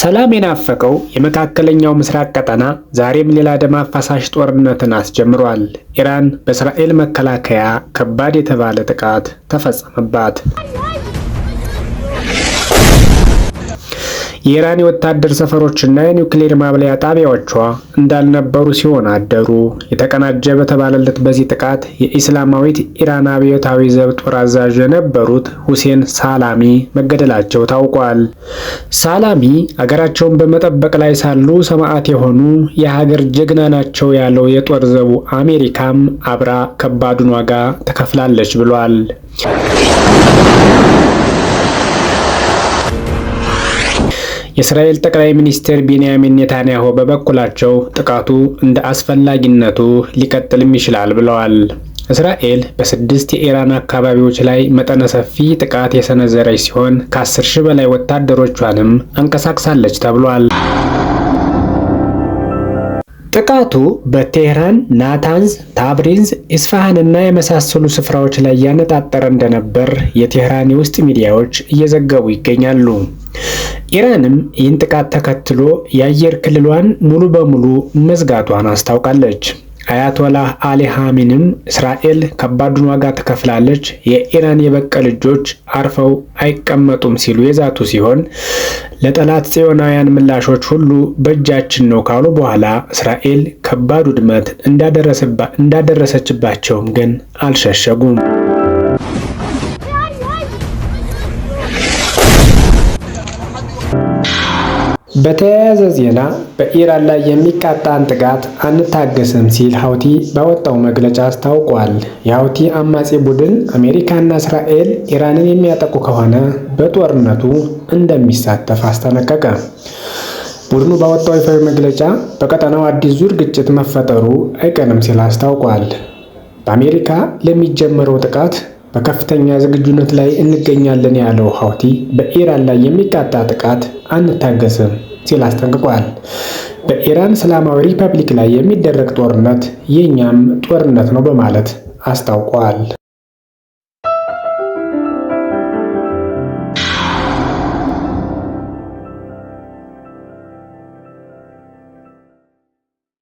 ሰላም የናፈቀው የመካከለኛው ምስራቅ ቀጠና ዛሬም ሌላ ደም አፋሳሽ ጦርነትን አስጀምሯል። ኢራን በእስራኤል መከላከያ ከባድ የተባለ ጥቃት ተፈጸመባት። የኢራን የወታደር ሰፈሮችና የኒውክሌር ማብለያ ጣቢያዎቿ እንዳልነበሩ ሲሆን አደሩ። የተቀናጀ በተባለለት በዚህ ጥቃት የኢስላማዊት ኢራን አብዮታዊ ዘብ ጦር አዛዥ የነበሩት ሁሴን ሳላሚ መገደላቸው ታውቋል። ሳላሚ አገራቸውን በመጠበቅ ላይ ሳሉ ሰማዕት የሆኑ የሀገር ጀግና ናቸው ያለው የጦር ዘቡ አሜሪካም አብራ ከባዱን ዋጋ ተከፍላለች ብሏል። የእስራኤል ጠቅላይ ሚኒስትር ቤንያሚን ኔታንያሁ በበኩላቸው ጥቃቱ እንደ አስፈላጊነቱ ሊቀጥልም ይችላል ብለዋል። እስራኤል በስድስት የኢራን አካባቢዎች ላይ መጠነ ሰፊ ጥቃት የሰነዘረች ሲሆን ከአስር ሺህ በላይ ወታደሮቿንም አንቀሳቅሳለች ተብሏል። ጥቃቱ በቴህራን፣ ናታንዝ፣ ታብሪንዝ፣ ኢስፋሃን እና የመሳሰሉ ስፍራዎች ላይ ያነጣጠረ እንደነበር የቴህራን የውስጥ ሚዲያዎች እየዘገቡ ይገኛሉ። ኢራንም ይህን ጥቃት ተከትሎ የአየር ክልሏን ሙሉ በሙሉ መዝጋቷን አስታውቃለች። አያቶላህ አሊ ሐሚንም እስራኤል ከባዱን ዋጋ ትከፍላለች፣ የኢራን የበቀል እጆች አርፈው አይቀመጡም ሲሉ የዛቱ ሲሆን ለጠላት ጽዮናውያን ምላሾች ሁሉ በእጃችን ነው ካሉ በኋላ እስራኤል ከባድ ውድመት እንዳደረሰችባቸውም ግን አልሸሸጉም። በተያያዘ ዜና በኢራን ላይ የሚቃጣን ጥቃት አንታገስም ሲል ሀውቲ ባወጣው መግለጫ አስታውቋል። የሀውቲ አማጺ ቡድን አሜሪካና እስራኤል ኢራንን የሚያጠቁ ከሆነ በጦርነቱ እንደሚሳተፍ አስጠነቀቀ። ቡድኑ ባወጣው ይፋዊ መግለጫ በቀጠናው አዲስ ዙር ግጭት መፈጠሩ አይቀንም ሲል አስታውቋል። በአሜሪካ ለሚጀመረው ጥቃት በከፍተኛ ዝግጁነት ላይ እንገኛለን ያለው ሀውቲ በኢራን ላይ የሚቃጣ ጥቃት አንታገስም ሲል አስጠንቅቋል። በኢራን እስላማዊ ሪፐብሊክ ላይ የሚደረግ ጦርነት የእኛም ጦርነት ነው በማለት አስታውቋል።